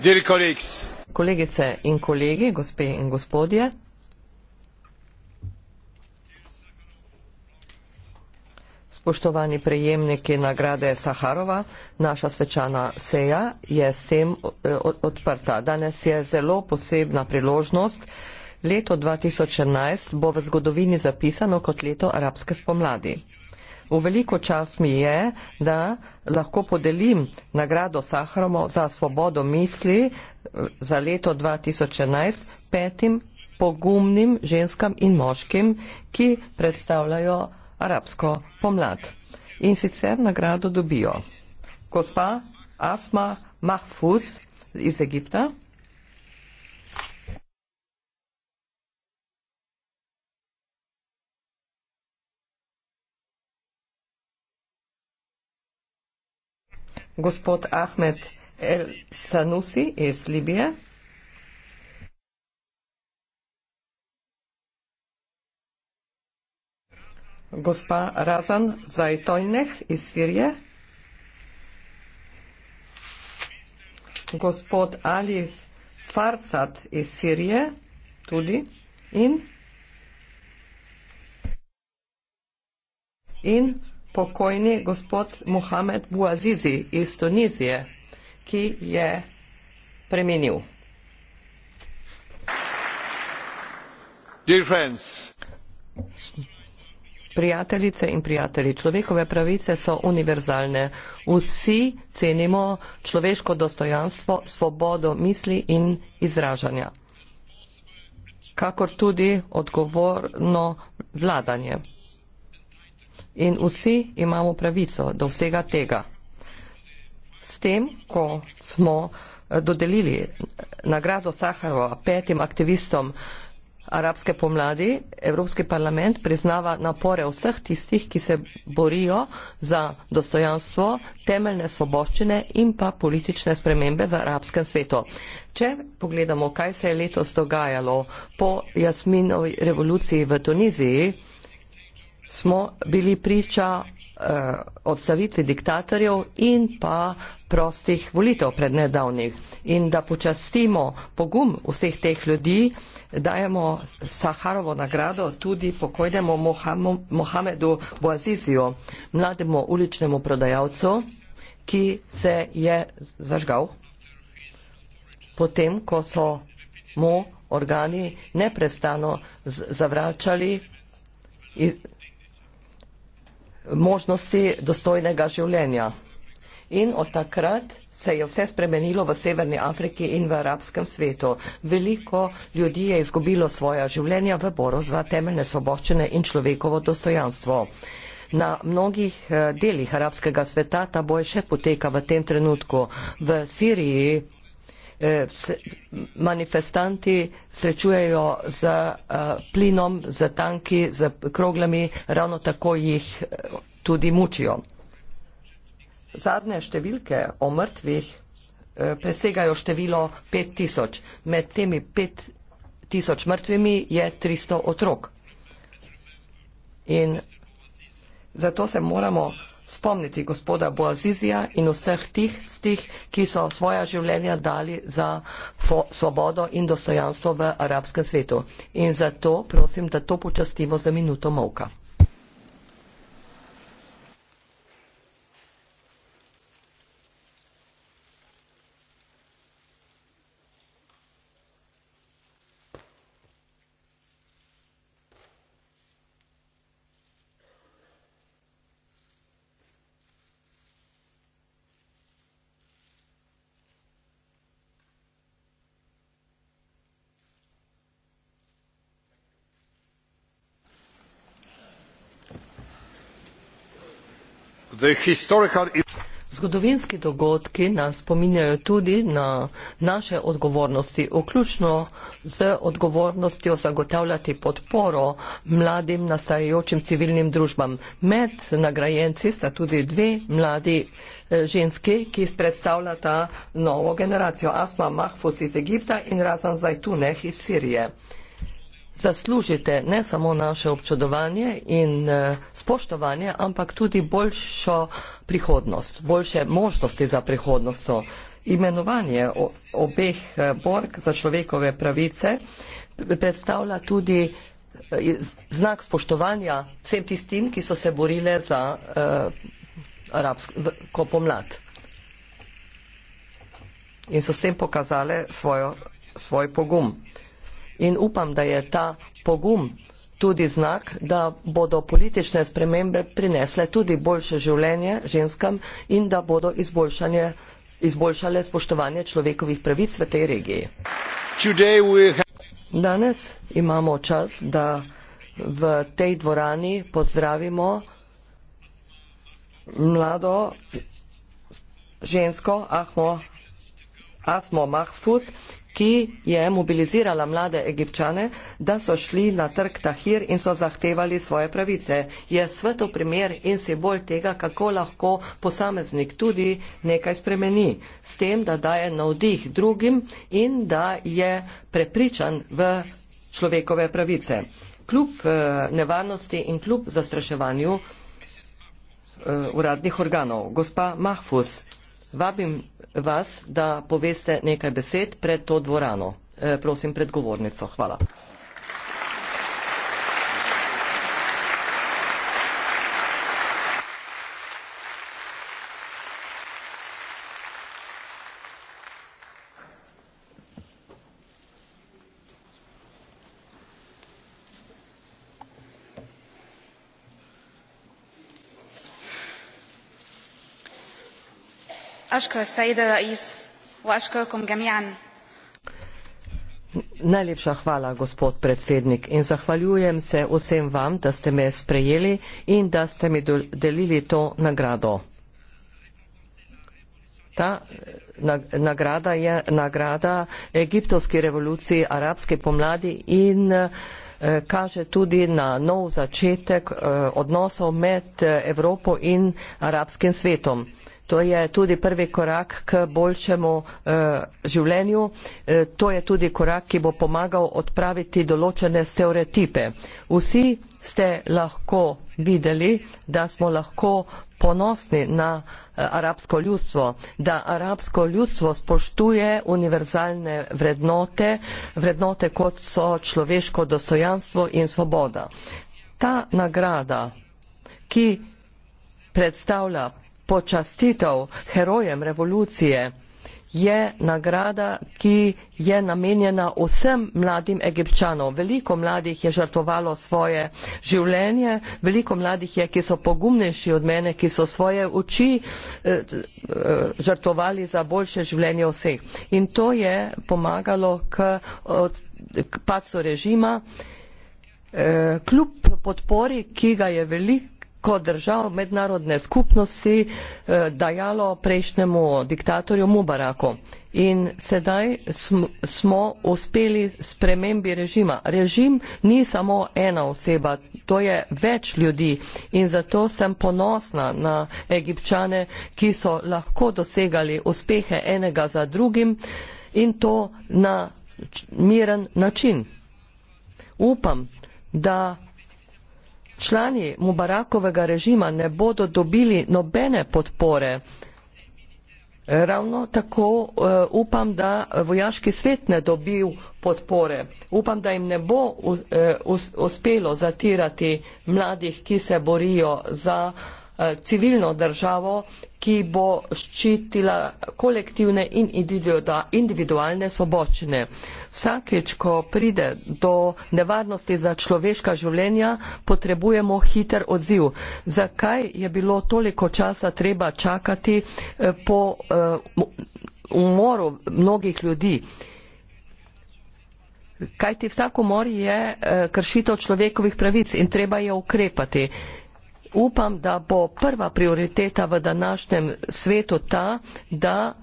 Dear colleagues, Kolegice in kolegi, gospe in gospodje, spoštovani prejemniki nagrade Saharova, naša svečana seja je s tem eh, odprta. Danes je zelo posebna priložnost. Leto 2011 bo v zgodovini zapisano kot leto arabske spomladi. V veliko čas mi je, da lahko podelim nagrado Saharomo za svobodo misli eh, za leto 2011 petim pogumnim ženskam in moškim, ki predstavljajo arabsko pomlad. In sicer nagrado dobijo gospa Asma Mahfuz iz Egipta, gospod Ahmed El Sanusi iz Libije. Gospa Razan Zajtojneh iz Sirije. Gospod Ali Farcat iz Sirije tudi in in pokojni gospod Mohamed Bouazizi iz Tunizije, ki je preminil. Prijateljice in prijatelji, človekove pravice so univerzalne. Vsi cenimo človeško dostojanstvo, svobodo misli in izražanja, kakor tudi odgovorno vladanje in vsi imamo pravico do vsega tega. S tem, ko smo eh, dodelili nagrado Saharova petim aktivistom arabske pomladi, Evropski parlament priznava napore vseh tistih, ki se borijo za dostojanstvo, temeljne svoboščine in pa politične spremembe v arabskem svetu. Če pogledamo, kaj se je letos dogajalo po Jasminovi revoluciji v Tuniziji, smo bili priča eh, odstavitvi diktatorjev in pa prostih volitev pred nedavnih. In da počastimo pogum vseh teh ljudi, dajemo Saharovo nagrado tudi pokojnemu Mohamedu Boazizijo, mlademu uličnemu prodajalcu, ki se je zažgal potem, ko so mu organi neprestano zavračali iz, možnosti dostojnega življenja. In od takrat se je vse spremenilo v Severni Afriki in v arabskem svetu. Veliko ljudi je izgubilo svoja življenja v boru za temeljne svoboščine in človekovo dostojanstvo. Na mnogih eh, delih arabskega sveta ta boj še poteka v tem trenutku. V Siriji Eh, manifestanti srečujejo z eh, plinom, z tanki, z kroglami, ravno tako jih eh, tudi mučijo. Zadnje številke o mrtvih presegajo število 5000. Med temi 5000 mrtvimi je 300 otrok. In zato se moramo spomniti gospoda Boazizija in vseh tih, tih, ki so svoja življenja dali za fo, svobodo in dostojanstvo v arabskem svetu. In zato prosim, da to počastimo za minuto molka. Zgodovinski dogodki nas spominjajo tudi na naše odgovornosti, vključno z odgovornostjo zagotavljati podporo mladim nastajajočim civilnim družbam. Med nagrajenci sta tudi dve mladi eh, ženski, ki predstavljata novo generacijo Asma Mahfus iz Egipta in Razan Zajtuneh iz Sirije zaslužite ne samo naše občudovanje in eh, spoštovanje, ampak tudi boljšo prihodnost, boljše možnosti za prihodnost. Imenovanje obeh eh, borg za človekove pravice predstavlja tudi eh, znak spoštovanja vsem tistim, ki so se borile za uh, arabsko pomlad in so s tem pokazale svojo, svoj pogum. Uh, In upam, da je ta pogum tudi znak, da bodo politične spremembe prinesle tudi boljše življenje ženskam in da bodo izboljšale spoštovanje človekovih pravic v tej regiji. Danes imamo čas, da v tej dvorani pozdravimo mlado žensko Ahmo, Asmo Mahfuz, ki je mobilizirala mlade egipčane, da so šli na trg Tahir in so zahtevali svoje pravice. Je svetov primer in simbol tega, kako lahko posameznik tudi nekaj spremeni, s tem, da daje navdih drugim in da je prepričan v človekove pravice. Kljub eh, nevarnosti in kljub zastraševanju eh, uradnih organov. Gospa Mahfus, vabim vas, da poveste nekaj besed pred to dvorano. Eh, prosim, pred govornico. Hvala. أشكر السيد الرئيس وأشكركم جميعا Najlepša hvala, gospod predsednik, in zahvaljujem se vsem vam, da ste me sprejeli in da ste mi delili to nagrado. Ta nagrada je nagrada egiptovski revoluciji, arabske pomladi in eh, kaže tudi na nov začetek eh, odnosov med eh, Evropo in arabskim svetom. To je tudi prvi korak k boljšemu eh, življenju, eh, to je tudi korak, ki bo pomagal odpraviti določene stereotipe. Vsi ste lahko videli, da smo lahko ponosni na eh, arabsko ljudstvo, da arabsko ljudstvo spoštuje univerzalne vrednote, vrednote kot so človeško dostojanstvo in svoboda. Ta nagrada, ki predstavlja počastitev herojem revolucije je nagrada, ki je namenjena vsem mladim egipčanom. Veliko mladih je žrtvovalo svoje življenje, veliko mladih je, ki so pogumnejši od mene, ki so svoje oči eh, eh, žrtvovali za boljše življenje vseh. In to je pomagalo k, od, k padcu režima, eh, kljub podpori, ki ga je veliko kot držav mednarodne skupnosti eh, dajalo prejšnjemu diktatorju Mubaraku. In sedaj smo uspeli spremembi režima. Režim ni samo ena oseba, to je več ljudi in zato sem ponosna na egipčane, ki so lahko dosegali uspehe enega za drugim in to na miren način. Upam, da člani Mubarakovega režima ne bodo dobili nobene podpore. Ravno tako uh, upam, da vojaški svet ne dobil podpore. Upam, da jim ne bo eh, uspelo zatirati mladih, ki se borijo za uh, Eh, civilno državo, ki bo ščitila kolektivne in individualne svobočine. Vsakeč, ko pride do nevarnosti za človeška življenja, potrebujemo hiter odziv. Zakaj je bilo toliko časa treba čakati eh, po eh, umoru mnogih ljudi? Kajti vsako mor je kršito človekovih pravic in treba je ukrepati upam, da bo prva prioriteta v današnjem svetu ta, da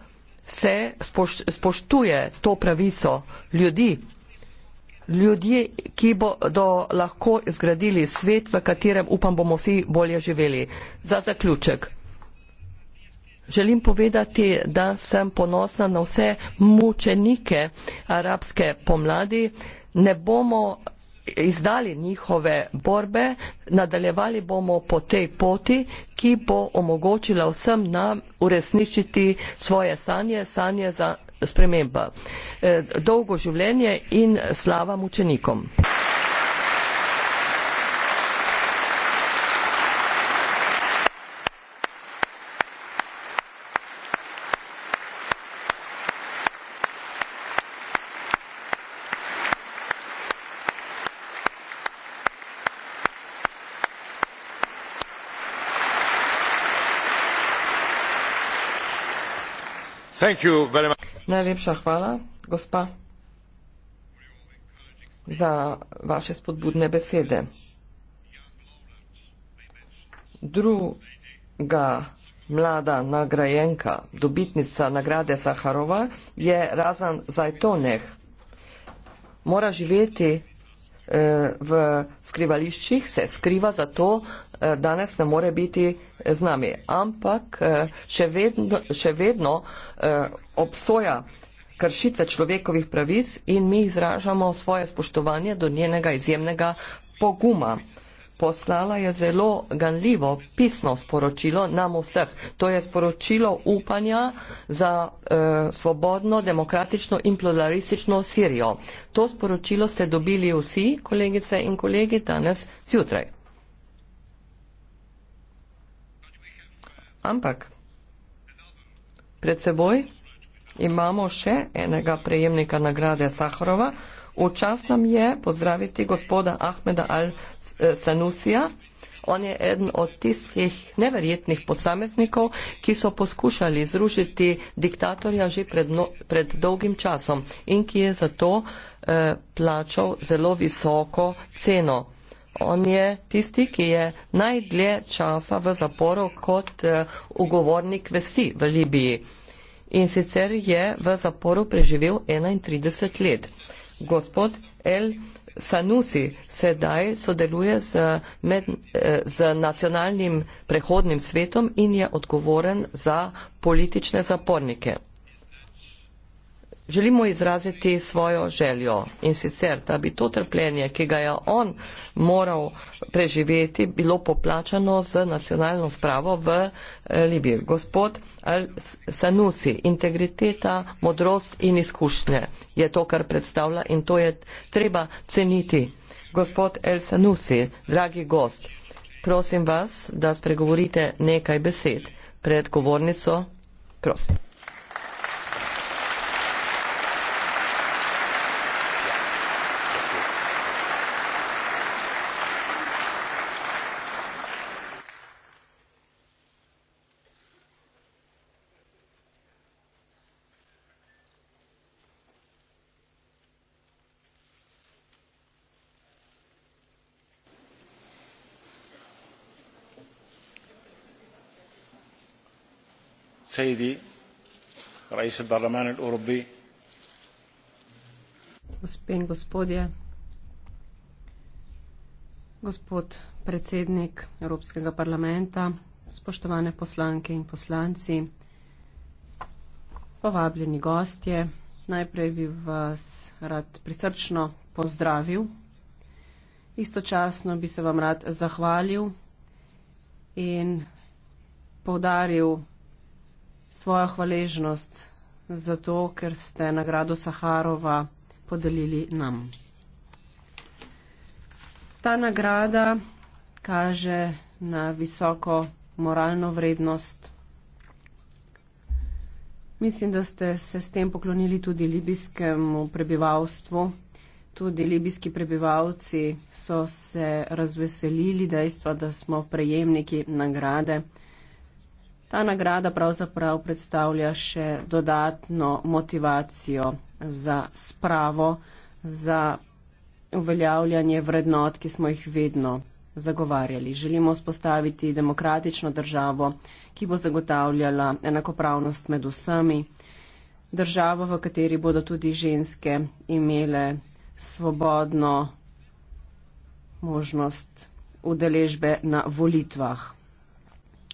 se spoštuje to pravico ljudi, ljudi, ki bodo lahko zgradili svet, v katerem upam bomo vsi bolje živeli. Za zaključek. Želim povedati, da sem ponosna na vse mučenike arabske pomladi. Ne bomo izdali njihove borbe, nadaljevali bomo po tej poti, ki bo omogočila vsem nam uresničiti svoje sanje, sanje za sprememba. E, dolgo življenje in slava mučenikom. Najlepša hvala, gospa, za vaše spodbudne besede. Druga mlada nagrajenka, dobitnica nagrade Saharova, je Razan Zajtoneh. Mora živeti Eh, v skrivališčih, se skriva zato, eh, danes ne more biti eh, z nami. Ampak še vedno, še vedno obsoja kršitve človekovih pravic in mi izražamo svoje spoštovanje do njenega izjemnega poguma poslala je zelo ganljivo pisno sporočilo nam vseh. To je sporočilo upanja za eh, svobodno, demokratično in pluralistično Sirijo. To sporočilo ste dobili vsi, kolegice in kolegi, danes zjutraj. Ampak pred seboj imamo še enega prejemnika nagrade Sahorova, V čas nam je pozdraviti gospoda Ahmeda Al-Sanusija. On je eden od tistih neverjetnih posameznikov, ki so poskušali zružiti diktatorja že pred, no, pred dolgim časom in ki je zato eh, plačal zelo visoko ceno. On je tisti, ki je najdlje časa v zaporu kot eh, ugovornik vesti v Libiji. In sicer je v zaporu preživel 31 let gospod El Sanusi sedaj sodeluje z, med, eh, z nacionalnim prehodnim svetom in je odgovoren za politične zapornike želimo izraziti svojo željo in sicer, da bi to trpljenje, ki ga je on moral preživeti, bilo poplačano z nacionalno spravo v eh, Libiji. Gospod Sanusi, integriteta, modrost in izkušnje je to, kar predstavlja in to je treba ceniti. Gospod El Sanusi, dragi gost, prosim vas, da spregovorite nekaj besed pred govornico. Prosim. zaidi raisa parlamana lurubi gospe in gospodje gospod predsednik evropskega parlamenta spoštovane poslanke in poslanci povabljeni gostje najprej bi vas rad prisrčno pozdravil istočasno bi se vam rad zahvalil in poudaril svojo hvaležnost za to, ker ste nagrado Saharova podelili nam. Ta nagrada kaže na visoko moralno vrednost. Mislim, da ste se s tem poklonili tudi libijskemu prebivalstvu. Tudi libijski prebivalci so se razveselili dejstva, da smo prejemniki nagrade. Ta nagrada pravzaprav predstavlja še dodatno motivacijo za spravo, za uveljavljanje vrednot, ki smo jih vedno zagovarjali. Želimo spostaviti demokratično državo, ki bo zagotavljala enakopravnost med vsemi, državo, v kateri bodo tudi ženske imele svobodno možnost udeležbe na volitvah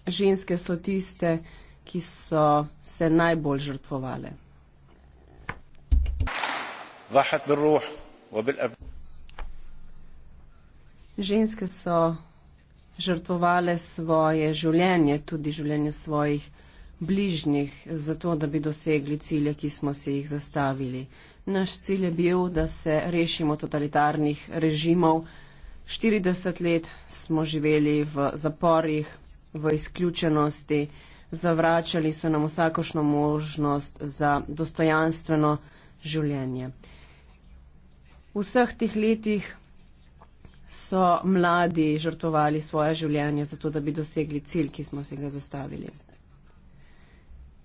ženske so tiste, ki so se najbolj žrtvovale. Ženske so žrtvovale svoje življenje, tudi življenje svojih bližnjih, zato da bi dosegli cilje, ki smo si jih zastavili. Naš cilj je bil, da se rešimo totalitarnih režimov. 40 let smo živeli v zaporih, v izključenosti, zavračali so nam vsakošno možnost za dostojanstveno življenje. V vseh tih letih so mladi žrtovali svoje življenje zato, da bi dosegli cilj, ki smo se ga zastavili.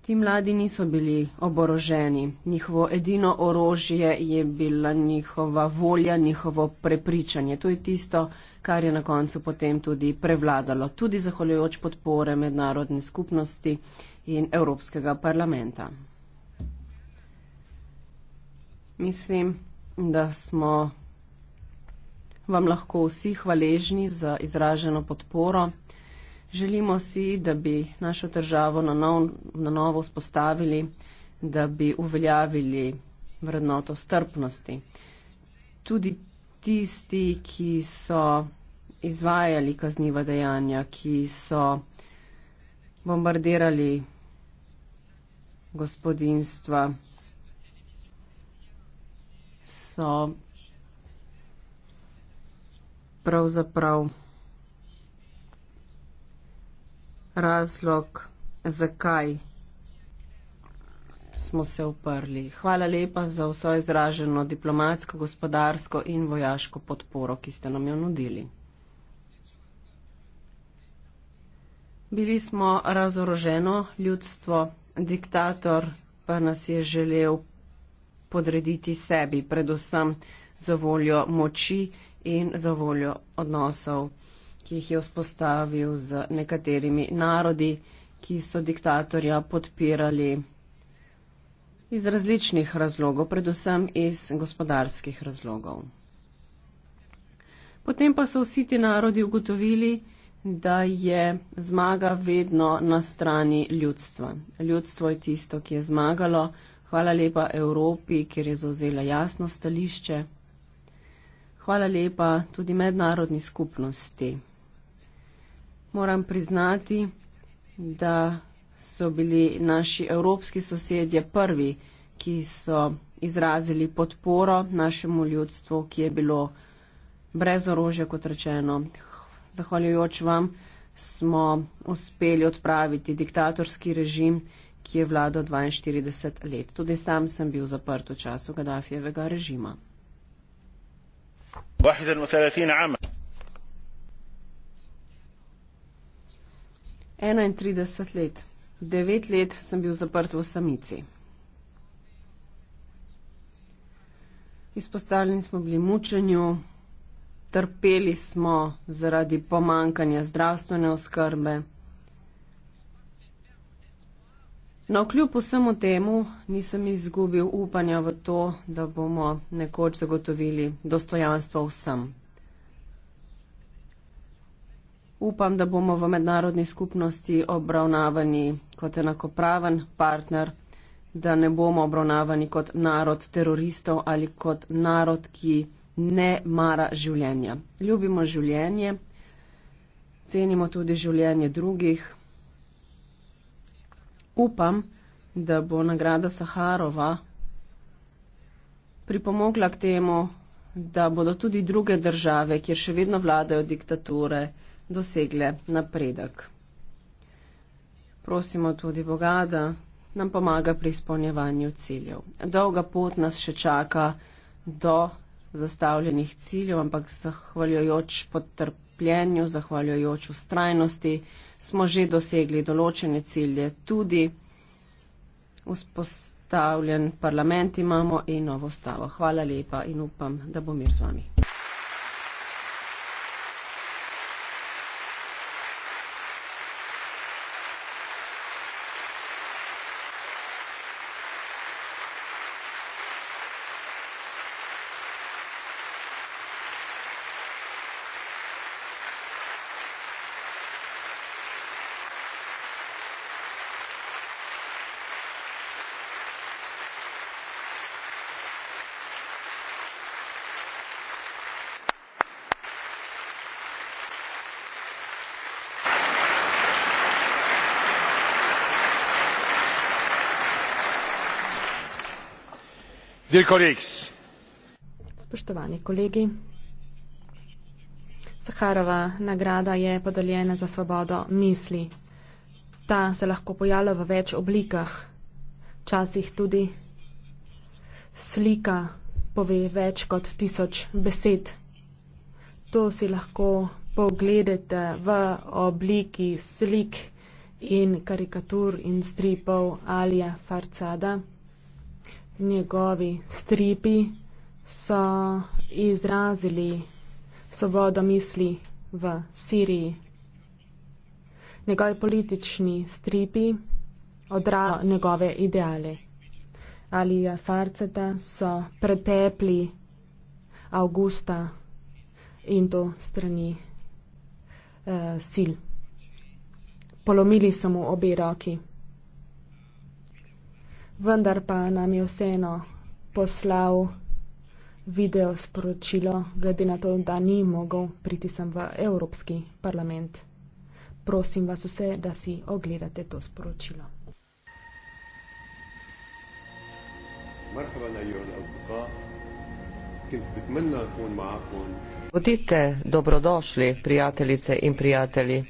Ti mladi niso bili oboroženi, njihovo edino orožje je bila njihova volja, njihovo prepričanje. To je tisto, kar je na koncu potem tudi prevladalo, tudi zahvaljujoč podpore mednarodne skupnosti in Evropskega parlamenta. Mislim, da smo vam lahko vsi hvaležni za izraženo podporo. Želimo si, da bi našo državo na, nov, na novo vzpostavili, da bi uveljavili vrednoto strpnosti. Tudi tisti, ki so izvajali kazniva dejanja, ki so bombardirali gospodinstva, so pravzaprav. razlog, zakaj smo se uprli. Hvala lepa za vso izraženo diplomatsko, gospodarsko in vojaško podporo, ki ste nam jo nudili. Bili smo razoroženo ljudstvo, diktator pa nas je želel podrediti sebi, predvsem za voljo moči in za voljo odnosov ki jih je vzpostavil z nekaterimi narodi, ki so diktatorja podpirali iz različnih razlogov, predvsem iz gospodarskih razlogov. Potem pa so vsi ti narodi ugotovili, da je zmaga vedno na strani ljudstva. Ljudstvo je tisto, ki je zmagalo. Hvala lepa Evropi, ker je zauzela jasno stališče. Hvala lepa tudi mednarodni skupnosti. Moram priznati, da so bili naši evropski sosedje prvi, ki so izrazili podporo našemu ljudstvu, ki je bilo brez orožja, kot rečeno. Zahvaljujoč vam smo uspeli odpraviti diktatorski režim, ki je vladal 42 let. Tudi sam sem bil zaprt v času Gaddafijevega režima. 31 let. 31 let. 9 let sem bil zaprt v samici. Izpostavljeni smo bili mučenju, trpeli smo zaradi pomankanja zdravstvene oskrbe. Na no, kljub vsemu temu nisem izgubil upanja v to, da bomo nekoč zagotovili dostojanstvo vsem upam, da bomo v mednarodni skupnosti obravnavani kot enakopraven partner, da ne bomo obravnavani kot narod teroristov ali kot narod, ki ne mara življenja. Ljubimo življenje, cenimo tudi življenje drugih. Upam, da bo nagrada Saharova pripomogla k temu, da bodo tudi druge države, kjer še vedno vladajo diktature, dosegle napredek. Prosimo tudi Boga, da nam pomaga pri izpolnjevanju ciljev. Dolga pot nas še čaka do zastavljenih ciljev, ampak zahvaljujoč potrpljenju, zahvaljujoč ustrajnosti smo že dosegli določene cilje. Tudi vzpostavljen parlament imamo in novo stavo. Hvala lepa in upam, da bo mir z vami. Spoštovani kolegi, Saharova nagrada je podeljena za svobodo misli. Ta se lahko pojavlja v več oblikah, včasih tudi slika pove več kot tisoč besed. To si lahko pogledate v obliki slik in karikatur in stripov ali farcada njegovi stripi so izrazili svobodo misli v Siriji. Njegovi politični stripi odrajo njegove ideale. Ali je farceta so pretepli avgusta in to strani uh, sil. Polomili so mu obe roki vendar pa nam je vseeno poslal video sporočilo, glede na to, da ni mogel priti sem v Evropski parlament. Prosim vas vse, da si ogledate to sporočilo. Bodite dobrodošli, prijateljice in prijatelji.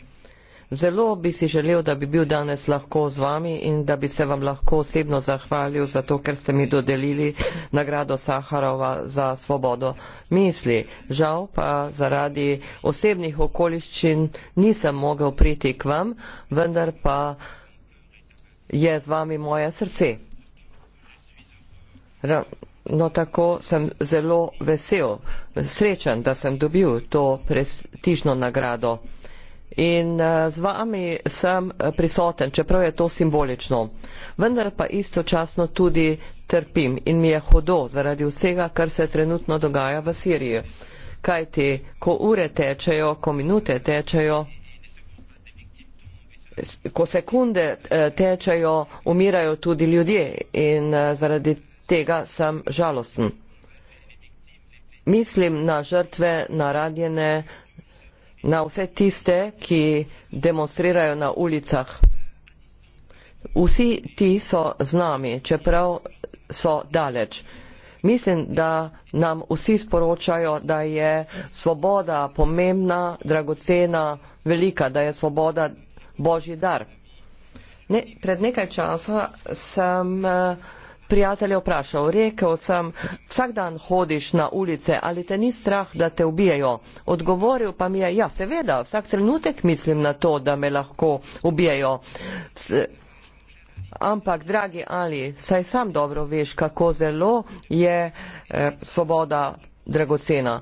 Zelo bi si želel, da bi bil danes lahko z vami in da bi se vam lahko osebno zahvalil za to, ker ste mi dodelili nagrado Saharova za svobodo misli. Žal pa zaradi osebnih okoliščin nisem mogel priti k vam, vendar pa je z vami moje srce. Ra No tako sem zelo vesel, srečen, da sem dobil to prestižno nagrado in eh, z vami sem eh, prisoten, čeprav je to simbolično. Vendar pa istočasno tudi trpim in mi je hodo zaradi vsega, kar se trenutno dogaja v Siriji. Kajti, ko ure tečejo, ko minute tečejo, ko sekunde eh, tečejo, umirajo tudi ljudje in zaradi tega sem žalosten. Mislim na žrtve, na radjene, na vse tiste, ki demonstrirajo na ulicah. Vsi ti so z nami, čeprav so daleč. Mislim, da nam vsi sporočajo, da je svoboda pomembna, dragocena, velika, da je svoboda božji dar. Ne, pred nekaj časa sem uh, prijatelja vprašal, rekel sem, vsak dan hodiš na ulice, ali te ni strah, da te ubijajo. Odgovoril pa mi je, ja, seveda, vsak trenutek mislim na to, da me lahko ubijajo. Ampak, dragi Ali, saj sam dobro veš, kako zelo je eh, svoboda dragocena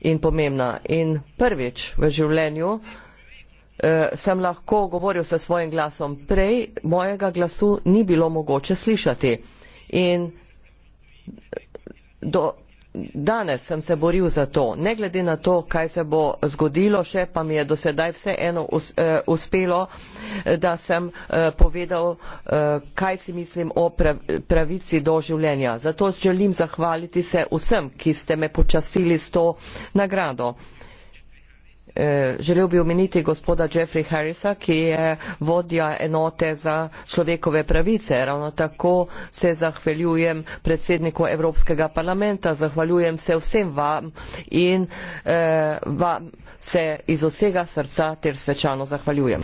in pomembna. In prvič v življenju Eh, sem lahko govoril s svojim glasom. Prej mojega glasu ni bilo mogoče slišati. In do danes sem se boril za to. Ne glede na to, kaj se bo zgodilo, še pa mi je do sedaj vseeno us, uh, uspelo, eh, da sem uh, povedal, uh, kaj si mislim o pravici do življenja. Zato želim zahvaliti se vsem, ki ste me počastili s to nagrado. Eh, želel bi omeniti gospoda Jeffrey Harrisa, ki je vodja enote za človekove pravice. Ravno tako se zahvaljujem predsedniku Evropskega parlamenta, zahvaljujem se vsem vam in eh, vam se iz vsega srca ter svečano zahvaljujem.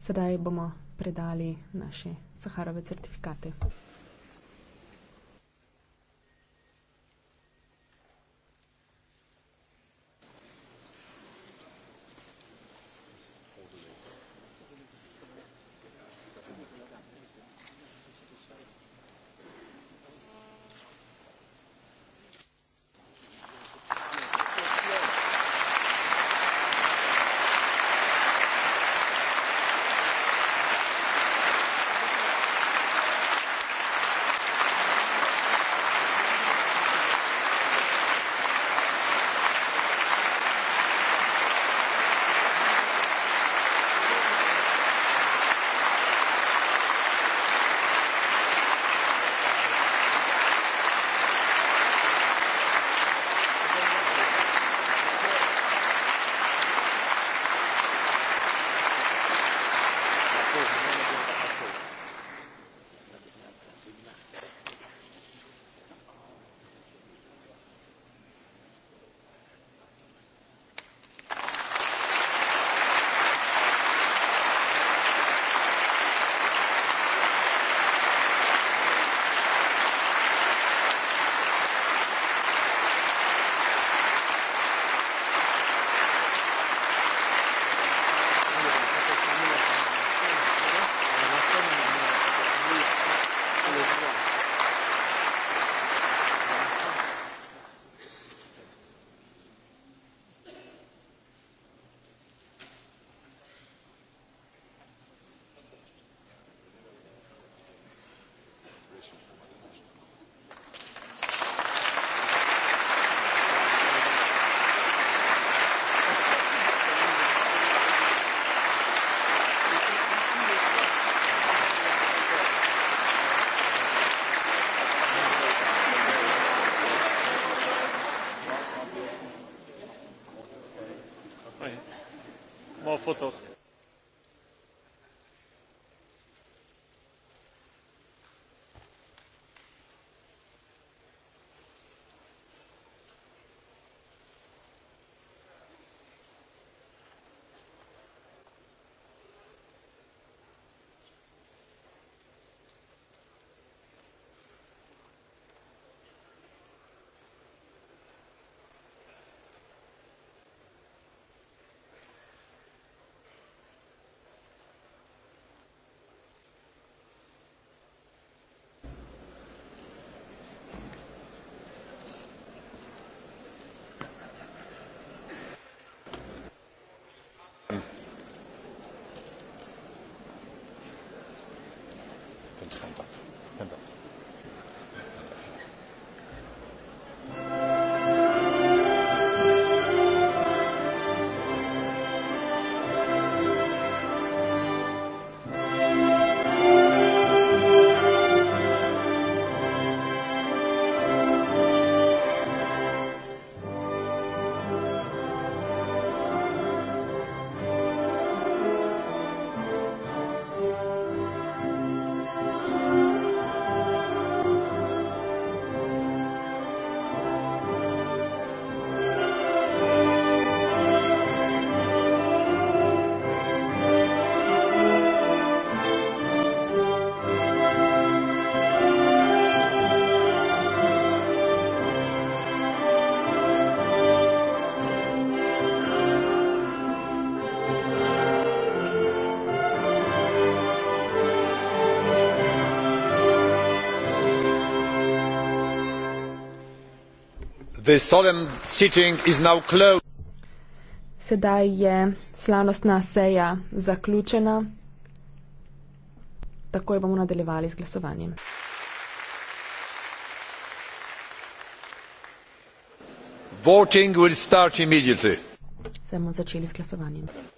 Sedaj bomo predali naše Saharove certifikate. fotos. Sedaj je slavnostna seja zaključena. Takoj bomo nadaljevali z glasovanjem. Voting will start immediately. Samo začeli s glasovanjem.